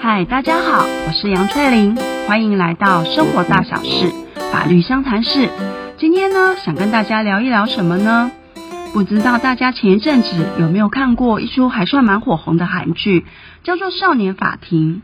嗨，大家好，我是楊翠玲，歡迎來到生活大小事法律相談室。今天呢，想跟大家聊一聊什麼呢？不知道大家前一陣子有沒有看過一出還算蠻火紅的韓劇，叫做《少年法庭》。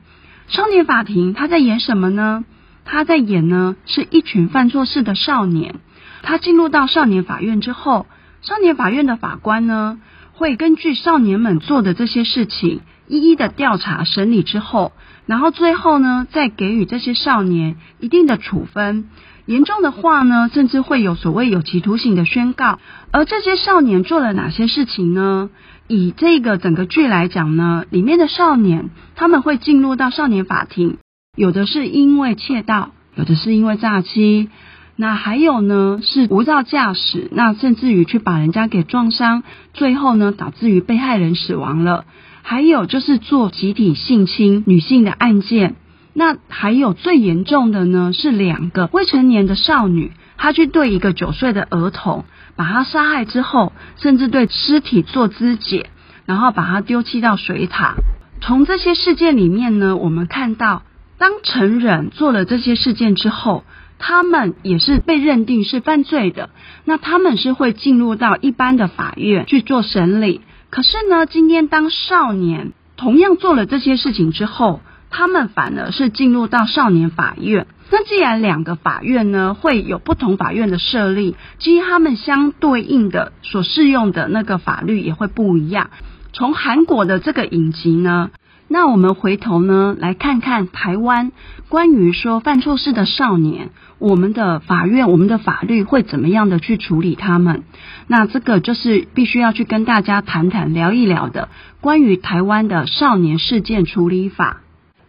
少年法庭，他在演什麼呢？他在演呢是一群犯錯事的少年。他進入到少年法院之後，少年法院的法官呢會根據少年們做的這些事情，一一的調查審理之後，然後最後呢，再給予這些少年一定的處分，嚴重的話呢，甚至會有所謂有期徒刑的宣告。而這些少年做了哪些事情呢？以這個整個劇來講呢，裡面的少年他們會進入到少年法庭，有的是因為竊盜，有的是因為詐欺，那還有呢是無照駕駛，那甚至於去把人家給撞傷，最後呢導致於被害人死亡了。還有就是做集體性侵女性的案件，那還有最嚴重的呢是兩個未成年的少女，她去對一個九歲的兒童，把她殺害之後，甚至對屍體做肢解，然後把她丟棄到水塔。從這些事件裡面呢，我們看到，當成人做了這些事件之後，他們也是被認定是犯罪的，那他們是會進入到一般的法院去做審理。可是呢，今天當少年同樣做了這些事情之後，他們反而是進入到少年法院。那既然兩個法院呢會有不同法院的設立，基於他們相對應的所適用的那個法律也會不一樣。從韓國的這個影集呢，那我們回頭呢來看看台灣關於說犯錯事的少年。我們的法院，我們的法律會怎麼樣的去處理他們？那這個就是必須要去跟大家談談、聊一聊的，關於台灣的少年事件處理法。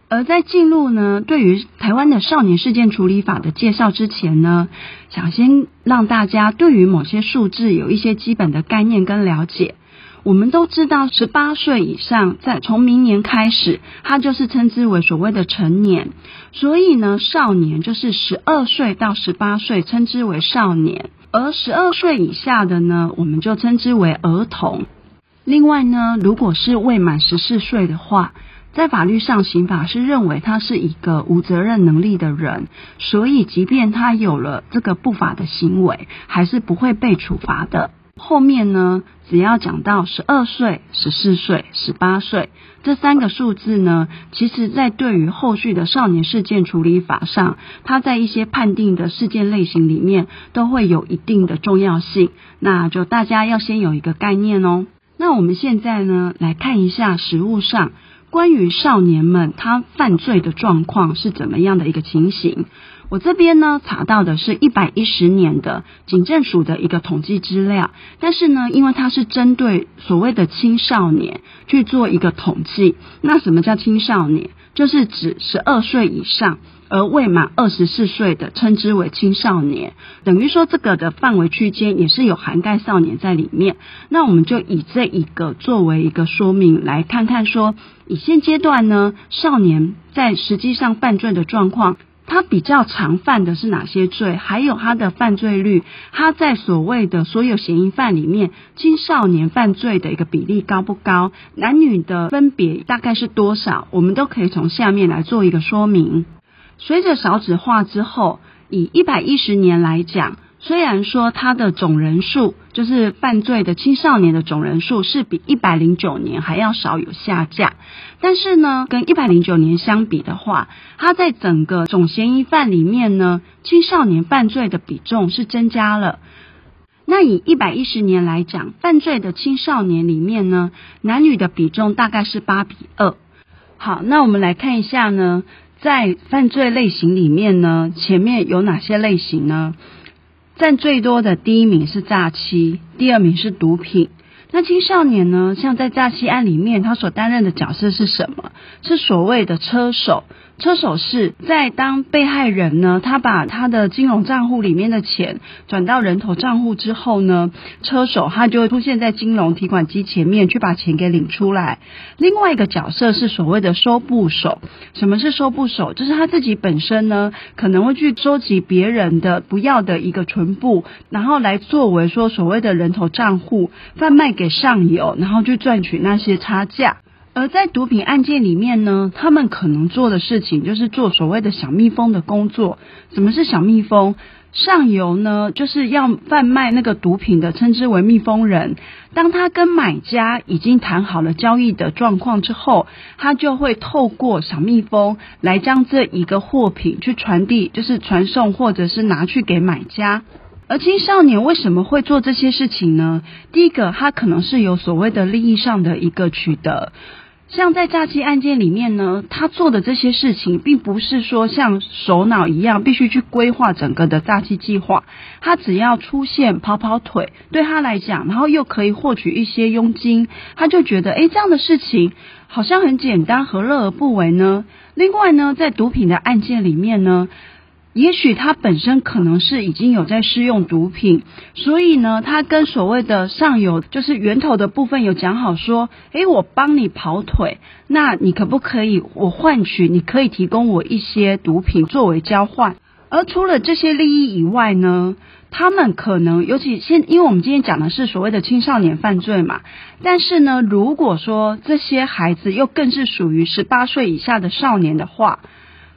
而在進入呢，對於台灣的少年事件處理法的介紹之前呢，想先讓大家對於某些數字有一些基本的概念跟了解。我們都知道，十八歲以上，在從明年開始，他就是稱之為所謂的成年。所以呢，少年就是十二歲到十八歲，稱之為少年。而十二歲以下的呢，我們就稱之為兒童。另外呢，如果是未滿十四歲的話，在法律上，刑法是認為他是一個無責任能力的人，所以即便他有了這個不法的行為，還是不會被處罰的。後面呢，只要講到十二歲、十四歲、十八歲這三個數字呢，其實，在對於後續的少年事件處理法上，它在一些判定的事件類型裡面都會有一定的重要性。那就大家要先有一個概念哦。那我們現在呢，來看一下實務上。關於少年們他犯罪的狀況是怎麼樣的一個情形？我這邊呢，查到的是一百一十年的警政署的一個統計資料，但是呢，因為它是針對所謂的青少年去做一個統計，那什麼叫青少年？就是指十二歲以上。而未滿二十四歲的稱之為青少年，等於說這個的範圍區間也是有涵蓋少年在裡面。那我們就以這一個作為一個說明，來看看說，以現階段呢，少年在實際上犯罪的狀況，他比較常犯的是哪些罪？還有他的犯罪率，他在所謂的所有嫌疑犯裡面，青少年犯罪的一個比例高不高？男女的分別大概是多少？我們都可以從下面來做一個說明。隨着少子化之後，以一百一十年來講，雖然說它的總人數就是犯罪的青少年的總人數是比一百零九年還要少，有下降，但是呢，跟一百零九年相比的話，它在整個總嫌疑犯裡面呢，青少年犯罪的比重是增加了。那以一百一十年來講，犯罪的青少年裡面呢，男女的比重大概是八比二。好，那我們來看一下呢。在犯罪類型裡面呢，前面有哪些類型呢？占最多的第一名是詐欺，第二名是毒品。那青少年呢？像在詐欺案裡面，他所擔任的角色是什麼？是所謂的車手。車手是在當被害人呢，他把他的金融賬戶裡面的錢轉到人頭賬戶之後呢，車手他就會出現在金融提款機前面去把錢給領出來。另外一個角色是所謂的收簿手，什麼是收簿手？就是他自己本身呢，可能會去收集別人的不要的一個存簿，然後來作為說所謂的人頭賬戶販賣給上游，然後去賺取那些差價。而在毒品案件裡面呢，他們可能做的事情就是做所謂的小蜜蜂的工作。什麼是小蜜蜂？上游呢，就是要販賣那個毒品的，稱之為蜜蜂人。當他跟買家已經談好了交易的狀況之後，他就會透過小蜜蜂來將這一個貨品去傳遞，就是傳送或者是拿去給買家。而青少年為什麼會做這些事情呢？第一個，他可能是有所謂的利益上的一個取得。像在詐欺案件裡面呢，他做的這些事情，並不是說像首腦一樣必須去規劃整個的詐欺計劃，他只要出現跑跑腿，對他來講，然後又可以獲取一些佣金，他就覺得，哎，這樣的事情好像很簡單，何樂而不為呢？另外呢，在毒品的案件裡面呢。也許他本身可能是已經有在使用毒品，所以呢，他跟所謂的上游就是源頭的部分有講好說，誒，我幫你跑腿，那你可不可以我換取？你可以提供我一些毒品作為交換。而除了這些利益以外呢，他們可能尤其現，因為我們今天講的是所謂的青少年犯罪嘛，但是呢，如果說這些孩子又更是屬於十八歲以下的少年的話，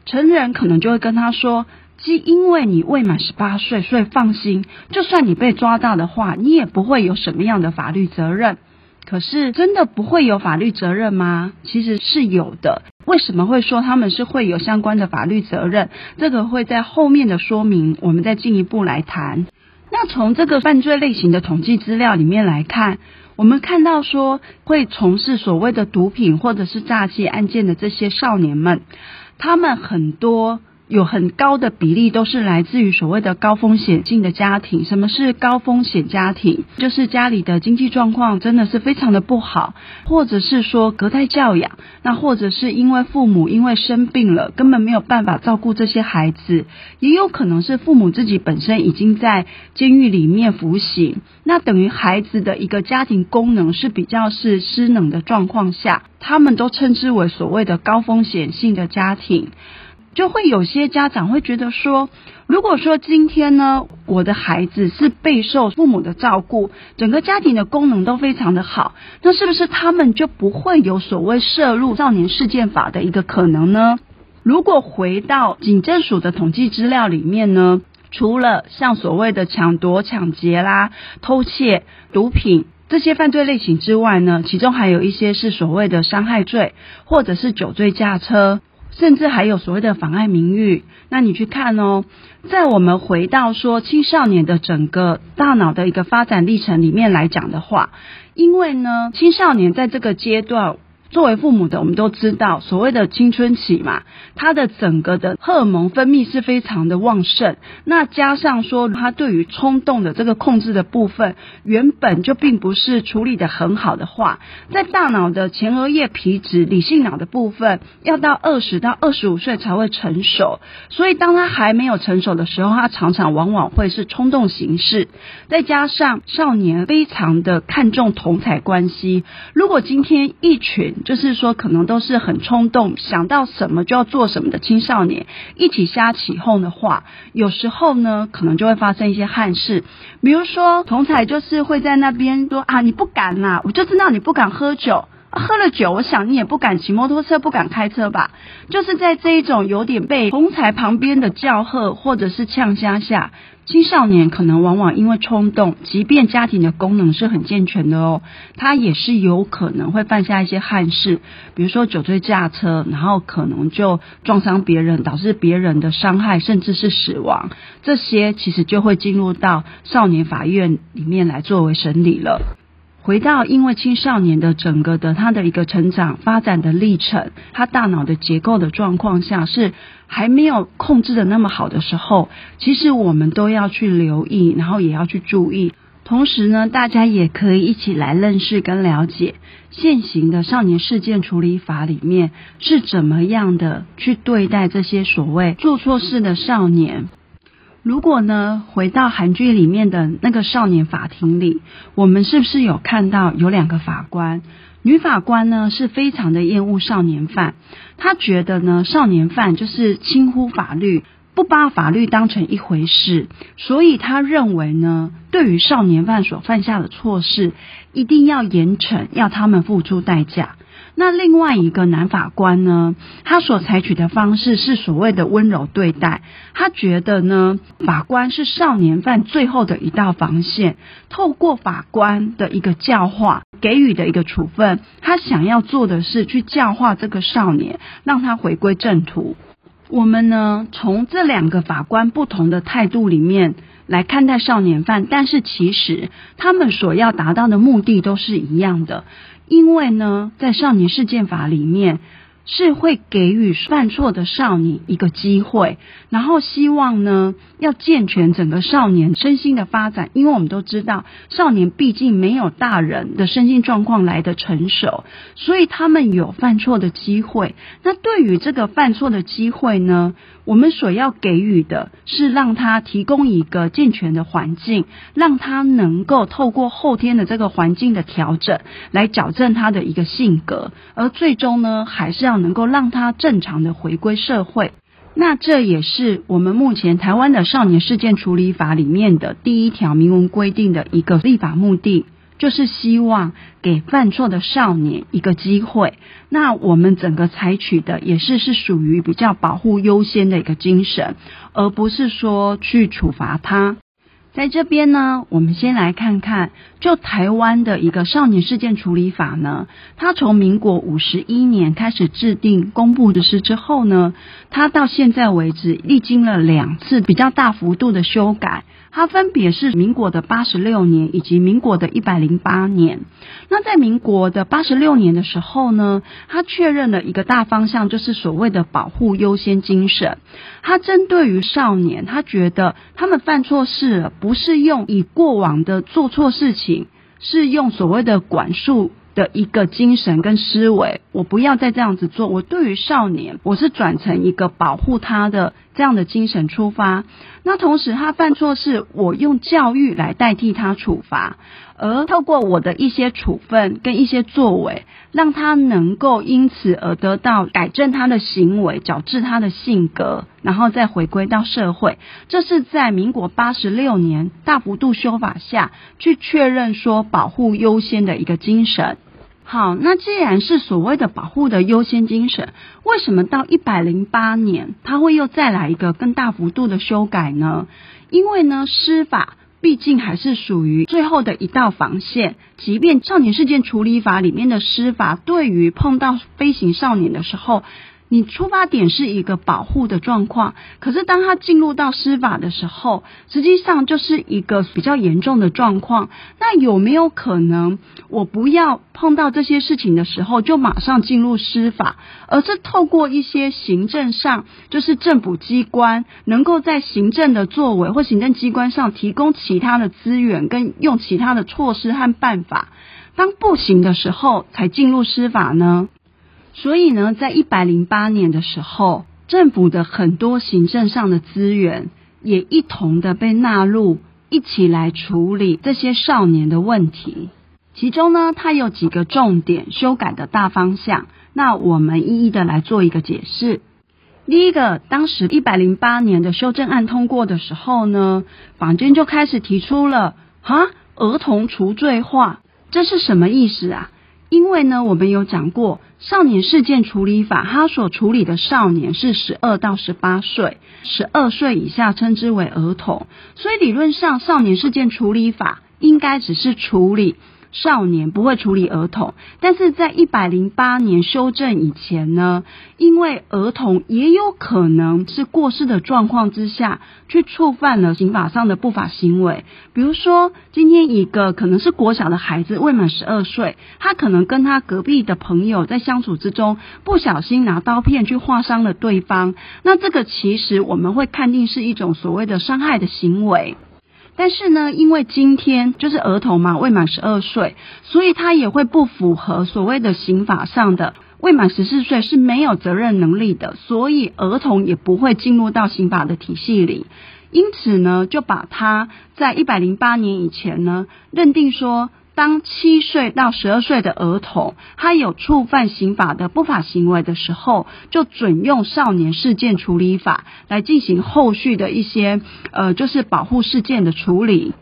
成人可能就會跟他說。即因為你未滿十八歲，所以放心，就算你被抓到的話，你也不會有什麼樣的法律責任。可是，真的不會有法律責任嗎？其實是有的。為什麼會說他們是會有相關的法律責任？這個會在後面的說明，我們再進一步來談。那從這個犯罪類型的統計資料裡面來看，我們看到說會從事所謂的毒品或者是詐欺案件的這些少年們，他們很多。有很高的比例都是來自於所謂的高風險性的家庭。什麼是高風險家庭？就是家裡的經濟狀況真的是非常的不好，或者是說隔代教養，那或者是因為父母因為生病了，根本沒有辦法照顧這些孩子，也有可能是父母自己本身已經在監獄裡面服刑，那等於孩子的一個家庭功能是比較是失能的狀況下，他們都稱之為所謂的高風險性的家庭。就會有些家長會覺得說，如果說今天呢，我的孩子是備受父母的照顧，整個家庭的功能都非常的好，那是不是他們就不會有所謂涉入少年事件法的一個可能呢？如果回到警政署的統計資料裡面呢，除了像所謂的搶奪、搶劫啦、偷竊、毒品這些犯罪類型之外呢，其中還有一些是所謂的傷害罪，或者是酒醉駕車。甚至還有所謂的妨礙名譽，那你去看哦，在我們回到說青少年的整個大腦的一個發展歷程裡面來講的話，因為呢，青少年在這個階段。作為父母的，我們都知道所謂的青春期嘛，他的整個的荷爾蒙分泌是非常的旺盛。那加上說他對於衝動的這個控制的部分，原本就並不是處理得很好的話，在大腦的前額葉皮質理性腦的部分，要到二十到二十五歲才會成熟。所以當他還沒有成熟的時候，他常常往往會是衝動行事。再加上少年非常的看重同儕關係，如果今天一群。就是說，可能都是很衝動，想到什麼就要做什麼的青少年一起瞎起哄的話，有時候呢，可能就會發生一些憾事。比如說，同儕就是會在那邊說啊，你不敢吶、啊，我就知道你不敢喝酒。喝了酒，我想你也不敢騎摩托車，不敢開車吧？就是在這一種有點被同儕旁邊的叫喝或者是嗆聲下，青少年可能往往因為衝動，即便家庭的功能是很健全的哦，他也是有可能會犯下一些憾事，比如說酒醉駕車，然後可能就撞傷別人，導致別人的傷害甚至是死亡，這些其實就會進入到少年法院裡面來作為審理了。回到因為青少年的整個的他的一個成長發展的歷程，他大腦的結構的狀況下是還沒有控制的那麼好的時候，其實我們都要去留意，然後也要去注意。同時呢，大家也可以一起來認識跟了解現行的少年事件處理法裡面是怎麼樣的去對待這些所謂做錯事的少年。如果呢，回到韓劇裡面的那個少年法庭裡，我們是不是有看到有兩個法官？女法官呢，是非常的厭惡少年犯，她覺得呢，少年犯就是輕忽法律，不把法律當成一回事，所以她認為呢，對於少年犯所犯下的錯事，一定要嚴懲，要他們付出代價。那另外一個男法官呢？他所採取的方式是所謂的溫柔對待。他覺得呢，法官是少年犯最後的一道防線。透過法官的一個教化，給予的一個處分，他想要做的是去教化這個少年，讓他回歸正途。我們呢，從這兩個法官不同的態度裡面來看待少年犯，但是其實他們所要達到的目的都是一樣的。因為呢，在少年事件法裡面。是會給予犯錯的少女一個機會，然後希望呢，要健全整個少年身心的發展。因為我們都知道，少年畢竟沒有大人的身心狀況來得成熟，所以他們有犯錯的機會。那對於這個犯錯的機會呢，我們所要給予的是讓他提供一個健全的環境，讓他能夠透過後天的這個環境的調整，來矯正他的一個性格，而最終呢，還是要。能夠讓他正常的回歸社會，那這也是我們目前台灣的少年事件處理法裡面的第一條明文規定的一個立法目的，就是希望給犯錯的少年一個機會。那我們整個採取的也是是屬於比較保護優先的一個精神，而不是說去處罰他。在這邊呢，我們先來看看。就台灣的一個少年事件處理法呢，它從民國五十一年開始制定公布實施之後呢，它到現在為止歷經了兩次比較大幅度的修改，它分別是民國的八十六年以及民國的一百零八年。那在民國的八十六年的時候呢，他確認了一個大方向，就是所謂的保護優先精神。他針對於少年，他覺得他們犯錯事不是用以過往的做錯事情，是用所謂的管束的一個精神跟思維，我不要再這樣子做。我對於少年，我是轉成一個保護他的這樣的精神出發。那同時他犯錯，是我用教育來代替他處罰。而透過我的一些處分跟一些作為，讓他能夠因此而得到改正他的行為，矯治他的性格，然後再回歸到社會。這是在民國八十六年大幅度修法下去確認說保護優先的一個精神。好，那既然是所謂的保護的優先精神，為什麼到一百零八年他會又再來一個更大幅度的修改呢？因為呢，司法。畢竟還是屬於最後的一道防線，即便少年事件處理法裡面的司法，對於碰到非行少年的時候，你出發點是一個保護的狀況，可是當他進入到司法的時候，實際上就是一個比較嚴重的狀況。那有沒有可能，我不要碰到這些事情的時候就馬上進入司法，而是透過一些行政上，就是政府機關，能夠在行政的作為或行政機關上提供其他的資源，跟用其他的措施和辦法，當不行的時候才進入司法呢？所以呢，在一百零八年的時候，政府的很多行政上的資源也一同的被納入，一起來處理這些少年的問題。其中呢，它有幾個重點修改的大方向，那我們一一的來做一個解釋。第一個，當時一百零八年的修正案通過的時候呢，坊間就開始提出了，哈，兒童除罪化，這是什麼意思啊？因為呢，我們有講過少年事件處理法，它所處理的少年是十二到十八歲，十二歲以下稱之為兒童，所以理論上少年事件處理法應該只是處理。少年不會處理兒童，但是在一百零八年修正以前呢，因為兒童也有可能是過失的狀況之下去觸犯了刑法上的不法行為。比如說今天一個可能是國小的孩子未滿十二歲，他可能跟他隔壁的朋友在相處之中不小心拿刀片去劃傷了對方，那這個其實我們會判定是一種所謂的傷害的行為。但是呢，因為今天就是兒童嘛，未滿十二歲，所以他也會不符合所謂的刑法上的未滿十四歲是沒有責任能力的，所以兒童也不會進入到刑法的體系裡。因此呢，就把他在一百零八年以前呢，認定說。當七歲到十二歲的兒童，他有觸犯刑法的不法行為的時候，就準用少年事件處理法來進行後續的一些，呃，就是保護事件的處理。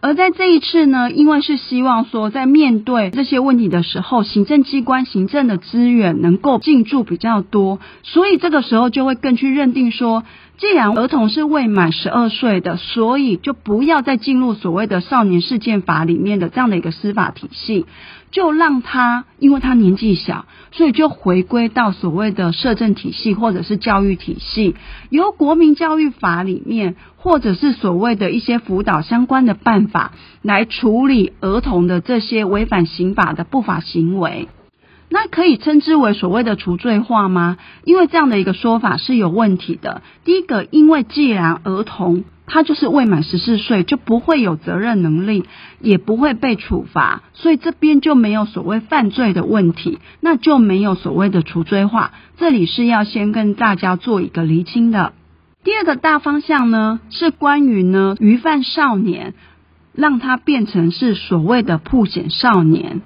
而在這一次呢，因為是希望說，在面對這些問題的時候，行政機關行政的資源能夠進駐比較多，所以這個時候就會更去認定說。既然兒童是未滿十二歲的，所以就不要再進入所謂的少年事件法裡面的這樣的一個司法體系，就讓他，因為他年紀小，所以就回歸到所謂的社政體系或者是教育體系，由國民教育法裡面或者是所謂的一些輔導相關的辦法來處理兒童的這些違反刑法的不法行為。那可以稱之為所謂的除罪化嗎？因為這樣的一個說法是有問題的。第一個，因為既然兒童他就是未滿十四歲，就不會有責任能力，也不會被處罰，所以這邊就沒有所謂犯罪的問題，那就沒有所謂的除罪化。這裡是要先跟大家做一個釐清的。第二個大方向呢，是關於呢，虞犯少年讓他變成是所謂的曝險少年。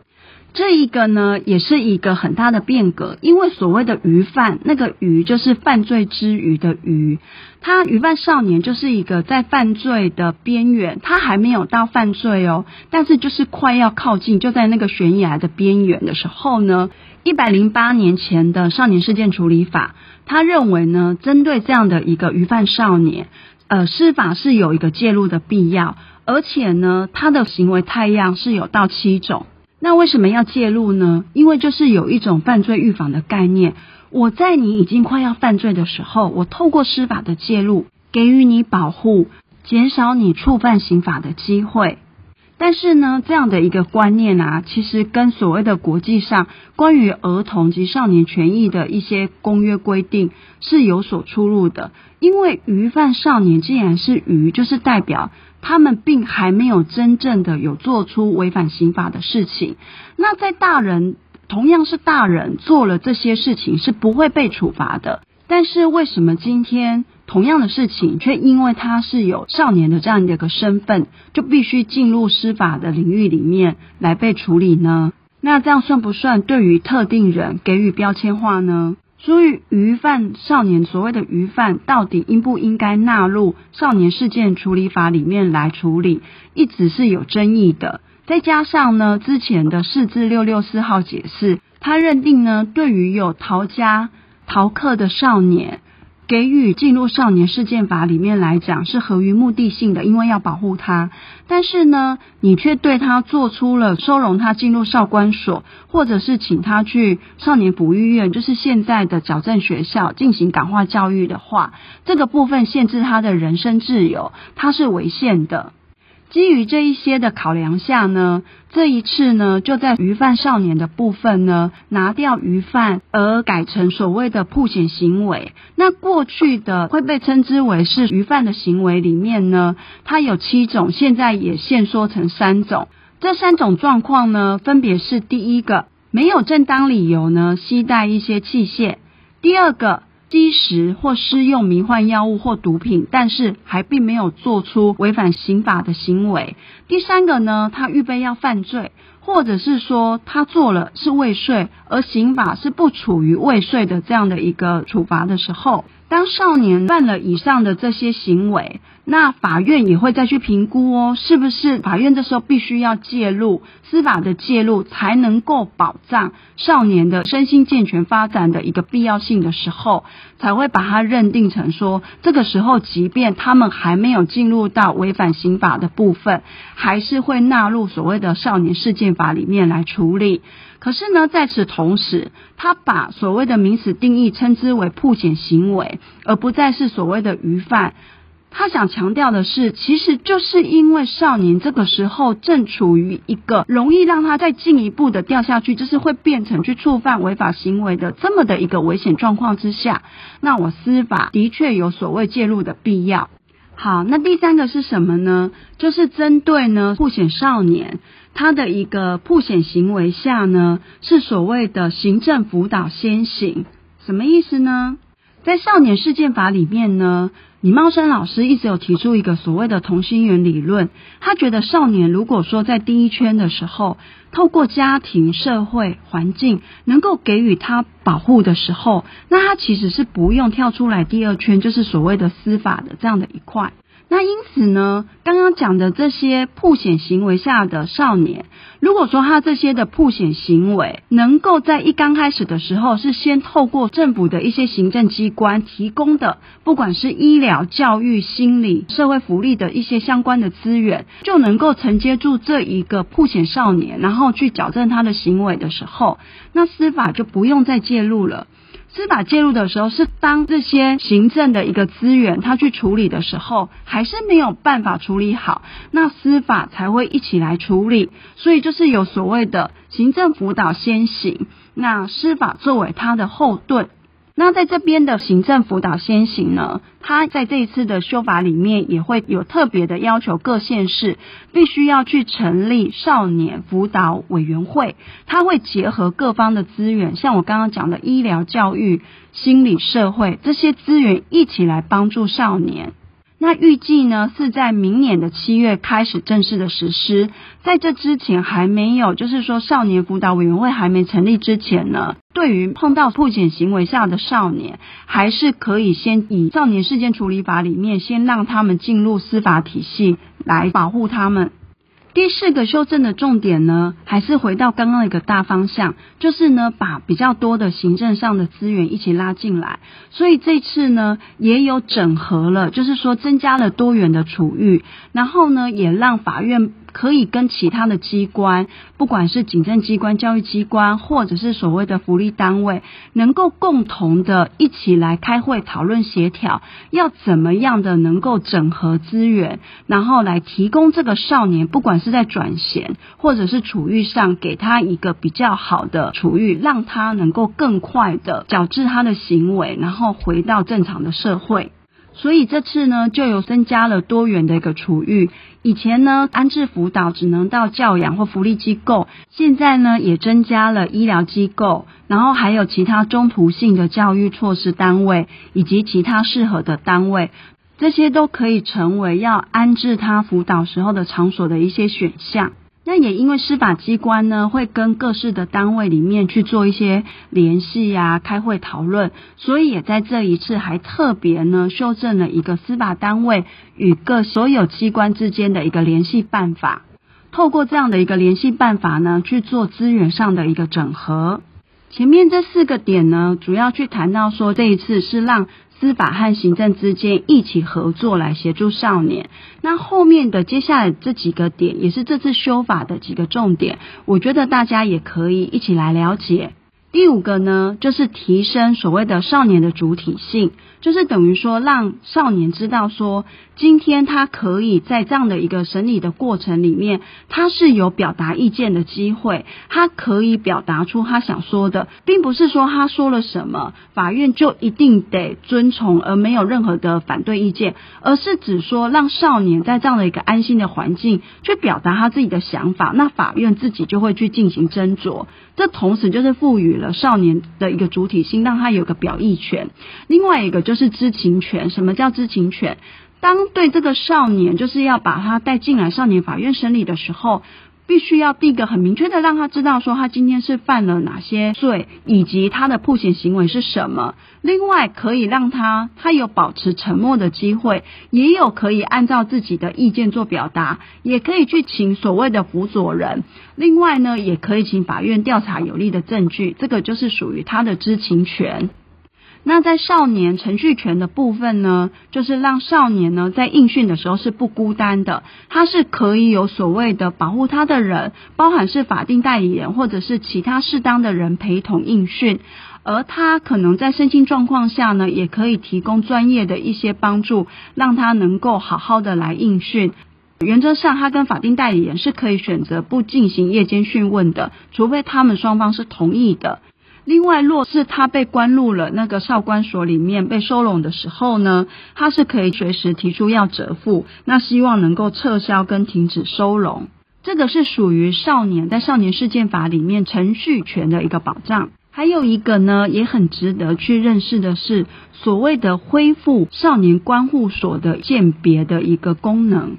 這一個呢，也是一個很大的變革，因為所謂的“虞犯”，那個“虞”就是犯罪之虞的“虞”，他“虞犯少年”就是一個在犯罪的邊緣，他還沒有到犯罪哦，但是就是快要靠近，就在那個懸崖的邊緣的時候呢。一百零八年前的少年事件處理法，他認為呢，針對這樣的一個虞犯少年，呃，司法是有一個介入的必要，而且呢，他的行為態樣是有到七種。那為什麼要介入呢？因為就是有一種犯罪預防的概念，我在你已經快要犯罪的時候，我透過司法的介入給予你保護，減少你觸犯刑法的機會。但是呢，這樣的一個觀念啊，其實跟所謂的國際上關於兒童及少年權益的一些公約規定是有所出入的。因為虞犯少年，既然是虞，就是代表。他們並還沒有真正的有做出違反刑法的事情，那在大人，同樣是大人做了這些事情是不會被處罰的，但是為什麼今天同樣的事情卻因為他是有少年的這樣的一個身份，就必須進入司法的領域裡面來被處理呢？那這樣算不算對於特定人給予標籤化呢？所以，虞犯少年所謂的虞犯，到底應不應該納入少年事件處理法裡面來處理，一直是有爭議的。再加上呢，之前的釋字六六四號解釋，他認定呢，對於有逃家、逃課的少年。給予進入少年事件法裡面來講是合於目的性的，因為要保護他。但是呢，你卻對他做出了收容他進入少管所，或者是請他去少年輔育院，就是現在的矯正學校進行感化教育的話，這個部分限制他的人身自由，它是違憲的。基於這一些的考量，下呢，這一次呢就在虞犯少年的部分呢，拿掉虞犯而改成所謂的曝險行為。那過去的會被稱之為是虞犯的行為裡面呢，它有七種，現在也限縮成三種。這三種狀況呢，分別是第一個沒有正當理由呢攜帶一些器械，第二個。吸食或施用迷幻藥物或毒品，但是還並沒有做出違反刑法的行為。第三個呢，他預備要犯罪，或者是說他做了是未遂，而刑法是不處於未遂的這樣的一個處罰的時候。當少年犯了以上的這些行為，那法院也會再去評估哦，是不是？法院這時候必須要介入，司法的介入才能夠保障少年的身心健全發展的一個必要性的時候，才會把它認定成說，這個時候即便他們還沒有進入到違反刑法的部分，還是會納入所謂的少年事件法裡面來處理。可是呢，在此同時，他把所謂的名詞定義稱之為曝險行為，而不再是所謂的虞犯。他想強調的是，其實就是因為少年這個時候正處於一個容易讓他再進一步的掉下去，就是會變成去觸犯違法行為的這麼的一個危險狀況之下，那我司法的確有所謂介入的必要。好，那第三個是什麼呢？就是針對呢，曝險少年他的一個曝險行為下呢，是所謂的行政輔導先行，什麼意思呢？在少年事件法裡面呢，李茂生老師一直有提出一個所謂的同心圓理論，他覺得少年如果說在第一圈的時候，透過家庭、社會、環境能夠給予他保護的時候，那他其實是不用跳出來第二圈，就是所謂的司法的這樣的一塊。那因此呢，剛剛講的這些曝險行為下的少年，如果說他這些的曝險行為，能夠在一剛開始的時候，是先透過政府的一些行政機關提供的，不管是醫療、教育、心理、社會福利的一些相關的資源，就能夠承接住這一個曝險少年，然後去矯正他的行為的時候，那司法就不用再介入了。司法介入的時候，是當這些行政的一個資源，他去處理的時候，還是沒有辦法處理好，那司法才會一起來處理。所以就是有所謂的行政輔導先行，那司法作為他的後盾。那在這邊的行政輔導先行呢，他在這一次的修法裡面也會有特別的要求，各縣市必須要去成立少年輔導委員會，他會結合各方的資源，像我剛剛講的醫療、教育、心理、社會這些資源一起來幫助少年。那預計呢是在明年的七月開始正式的實施，在這之前還沒有，就是說少年輔導委員會還沒成立之前呢，對於碰到曝險行為下的少年，還是可以先以少年事件處理法裡面先讓他們進入司法體系來保護他們。第四個修正的重點呢，還是回到剛剛一個大方向，就是呢，把比較多的行政上的資源一起拉進來。所以這次呢，也有整合了，就是說增加了多元的處遇，然後呢，也讓法院。可以跟其他的機關，不管是警政機關、教育機關，或者是所謂的福利單位，能夠共同的一起來開會討論協調，要怎麼樣的能夠整合資源，然後來提供這個少年，不管是在轉銜或者是處遇上，給他一個比較好的處遇，讓他能夠更快的矯治他的行為，然後回到正常的社會。所以這次呢，就有增加了多元的一個處遇。以前呢，安置輔導只能到教養或福利機構，現在呢也增加了醫療機構，然後還有其他中途性的教育措施單位以及其他適合的單位，這些都可以成為要安置他輔導時候的場所的一些選項。那也因為司法機關呢，會跟各式的單位裡面去做一些聯繫呀、啊、開會討論，所以也在這一次還特別呢修正了一個司法單位與各所有機關之間的一個聯繫辦法。透過這樣的一個聯繫辦法呢，去做資源上的一個整合。前面這四個點呢，主要去談到說，這一次是讓。司法和行政之間一起合作來協助少年。那後面的接下來這幾個點，也是這次修法的幾個重點，我覺得大家也可以一起來了解。第五個呢，就是提升所謂的少年的主體性，就是等於說讓少年知道說，今天他可以在這樣的一個審理的過程裡面，他是有表達意見的機會，他可以表達出他想說的，並不是說他說了什麼，法院就一定得遵從而沒有任何的反對意見，而是指說讓少年在這樣的一個安心的環境去表達他自己的想法，那法院自己就會去進行斟酌。這同時就是賦予了少年的一個主體性，讓他有個表意權。另外一個就是知情權。什麼叫知情權？當對這個少年就是要把他帶進來少年法院審理的時候。必須要第一個很明確的讓他知道說他今天是犯了哪些罪，以及他的曝險行為是什麼。另外可以讓他他有保持沉默的機會，也有可以按照自己的意見做表達，也可以去請所謂的輔佐人。另外呢，也可以請法院調查有利的證據，這個就是屬於他的知情權。那在少年程序權的部分呢，就是讓少年呢在應訊的時候是不孤單的，他是可以有所謂的保護他的人，包含是法定代理人或者是其他適當的人陪同應訊，而他可能在身心狀況下呢，也可以提供專業的一些幫助，讓他能夠好好的來應訊。原則上，他跟法定代理人是可以選擇不進行夜間訊問的，除非他們雙方是同意的。另外，若是他被關入了那個少觀所裡面被收容的時候呢，他是可以隨時提出要責付，那希望能夠撤銷跟停止收容，這個是屬於少年在少年事件法裡面程序權的一個保障。還有一個呢，也很值得去認識的是，所謂的恢復少年觀護所的鑑別的一個功能。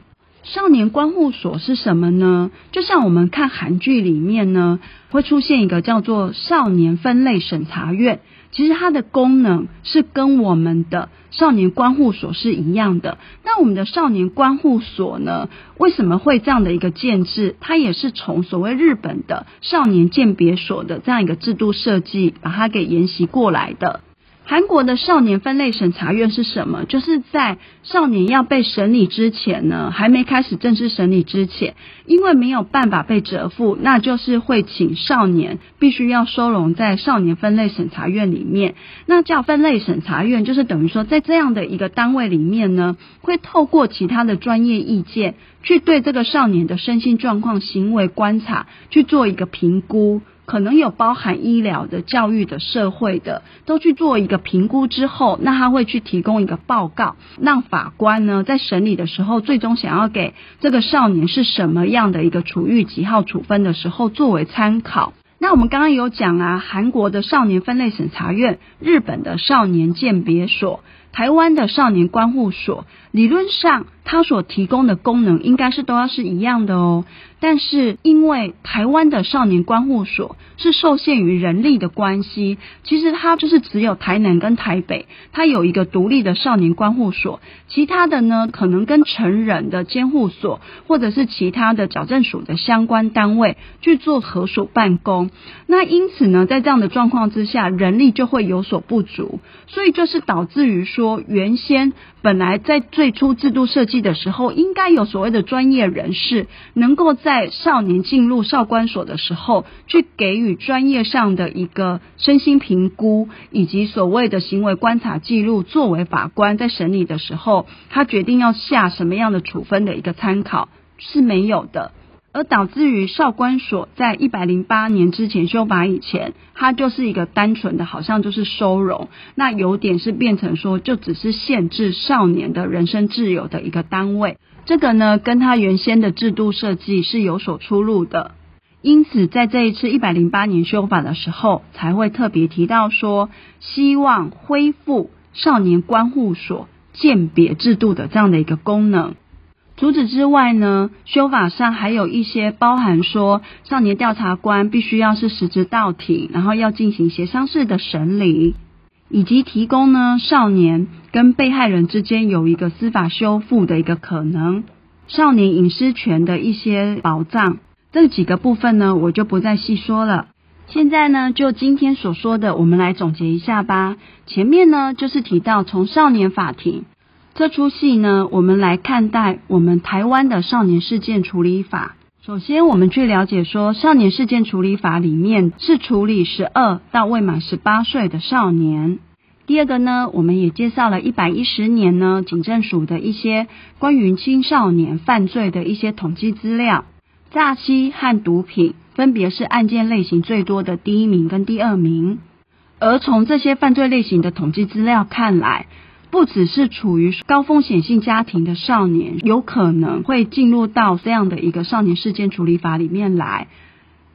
少年觀護所是什麼呢？就像我們看韓劇裡面呢，會出現一個叫做少年分類審查院，其實它的功能是跟我們的少年觀護所是一樣的。那我們的少年觀護所呢，為什麼會這樣的一個建制？它也是從所謂日本的少年鑑別所的這樣一個制度設計，把它給沿襲過來的。韓國的少年分類審查院是什麼？就是在少年要被審理之前呢，還沒開始正式審理之前，因為沒有辦法被責付，那就是會請少年必須要收容在少年分類審查院裡面。那叫分類審查院，就是等於說在這樣的一個單位裡面呢，會透過其他的專業意見去對這個少年的身心狀況、行為觀察去做一個評估。可能有包含醫療的、教育的、社會的，都去做一個評估之後，那他會去提供一個報告，讓法官呢在審理的時候，最終想要給這個少年是什麼樣的一個處遇、幾號處分的時候作為參考。那我們剛剛有講啊，韓國的少年分類審查院，日本的少年鑑別所。台灣的少年觀護所，理論上它所提供的功能應該是都要是一樣的哦。但是因為台灣的少年觀護所是受限於人力的關係，其實它就是只有台南跟台北，它有一個獨立的少年觀護所，其他的呢，可能跟成人的監護所或者是其他的矯正署的相關單位去做合署辦公。那因此呢，在這樣的狀況之下，人力就會有所不足，所以就是導致於說。說原先本來在最初制度設計的時候，應該有所謂的專業人士，能夠在少年進入少管所的時候，去給予專業上的一個身心評估，以及所謂的行為觀察記錄，作為法官在審理的時候，他決定要下什麼樣的處分的一個參考，是沒有的。而導致於少觀所，在一百零八年之前修法以前，它就是一個單純的，好像就是收容，那有點是變成說，就只是限制少年的人身自由的一個單位。這個呢，跟它原先的制度設計是有所出入的。因此，在這一次一百零八年修法的時候，才會特別提到說，希望恢復少年觀護所鑑別制度的這樣的一個功能。除此之外呢，修法上還有一些包含說，少年調查官必須要是實質到庭，然後要進行協商式的審理，以及提供呢少年跟被害人之間有一個司法修復的一個可能，少年隱私權的一些保障，這幾個部分呢，我就不再細說了。現在呢就今天所說的，我們來總結一下吧。前面呢就是提到從少年法庭，這出戲呢，我們來看待我們台灣的少年事件處理法。首先，我們去了解說少年事件處理法裡面是處理十二到未滿十八歲的少年。第二個呢，我們也介紹了一百一十年呢，警政署的一些關於青少年犯罪的一些統計資料。詐欺和毒品分別是案件類型最多的第一名跟第二名。而從這些犯罪類型的統計資料看來，不只是處於高風險性家庭的少年，有可能會進入到這樣的一個少年事件處理法裡面來。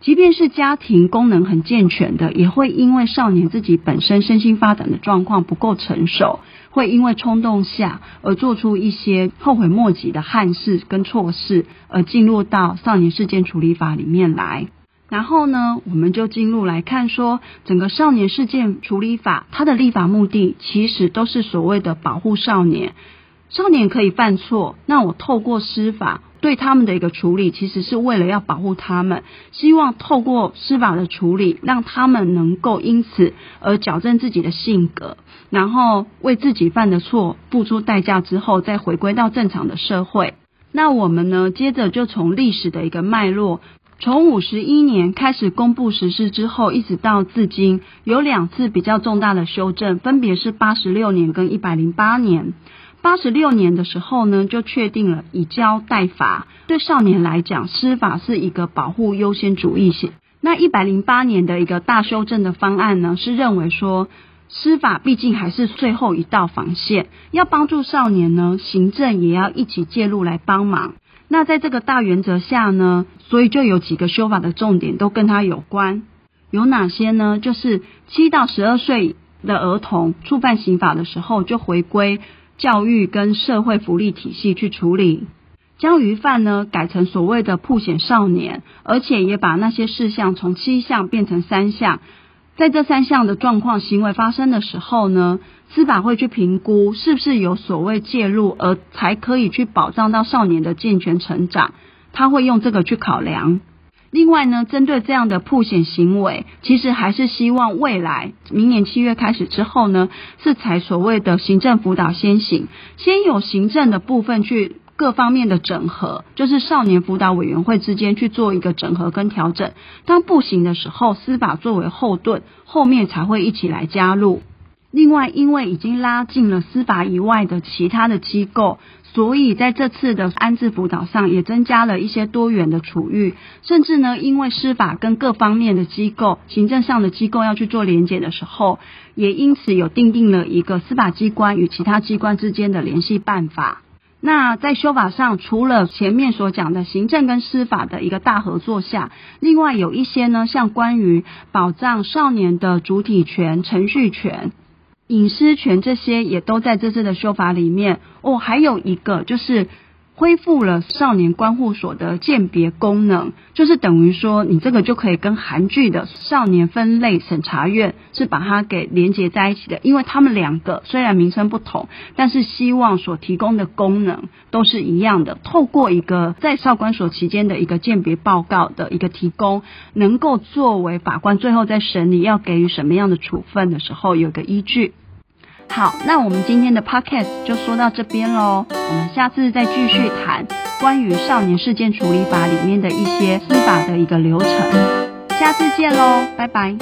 即便是家庭功能很健全的，也會因為少年自己本身身心發展的狀況不夠成熟，會因為衝動下而做出一些後悔莫及的憾事跟錯事，而進入到少年事件處理法裡面來。然後呢，我們就進入來看說，整個少年事件處理法，它的立法目的其實都是所謂的保護少年。少年可以犯錯，那我透過司法對他們的一個處理，其實是為了要保護他們，希望透過司法的處理，讓他們能夠因此而矯正自己的性格，然後為自己犯的錯付出代價之後，再回歸到正常的社會。那我們呢，接着就從歷史的一個脈絡，從五十一年開始公布實施之後，一直到至今，有兩次比較重大的修正，分別是八十六年跟一百零八年。八十六年的時候呢，就確定了以教代罰，對少年來講，司法是一個保護優先主義性。那一百零八年的一個大修正的方案呢，是認為說，司法畢竟還是最後一道防線，要幫助少年呢，行政也要一起介入來幫忙。那在這個大原則下呢，所以就有幾個修法的重點都跟它有關，有哪些呢？就是七到十二歲的兒童觸犯刑法的時候，就回歸教育跟社會福利體系去處理，將虞犯呢改成所謂的曝險少年，而且也把那些事項從七項變成三項。在這三項的狀況行為發生的時候呢，司法會去評估是不是有所謂介入，而才可以去保障到少年的健全成長，他會用這個去考量。另外呢，針對這樣的曝險行為，其實還是希望未來明年七月開始之後呢，是採所謂的行政輔導先行，先有行政的部分去。各方面的整合，就是少年輔導委員會之間去做一個整合跟調整。當不行的時候，司法作為後盾，後面才會一起來加入。另外，因為已經拉進了司法以外的其他的機構，所以在這次的安置輔導上也增加了一些多元的處遇。甚至呢，因為司法跟各方面的機構、行政上的機構要去做聯結的時候，也因此有訂定了一個司法機關與其他機關之間的聯繫辦法。那在修法上，除了前面所講的行政跟司法的一個大合作下，另外有一些呢，像關於保障少年的主體權、程序權、隱私權這些，也都在這次的修法裡面。哦，還有一個就是。恢復了少年觀護所的鑑別功能，就是等於說，你這個就可以跟韓劇的少年分類審查院是把它給連接在一起的。因為他們兩個雖然名稱不同，但是希望所提供的功能都是一樣的。透過一個在少觀所期間的一個鑑別報告的一個提供，能夠作為法官最後在審理要給予什麼樣的處分的時候有一個依據。好，那我們今天的 podcast 就說到這邊嘍。我們下次再繼續談關於少年事件處理法裡面的一些司法的一個流程。下次見嘍，拜拜。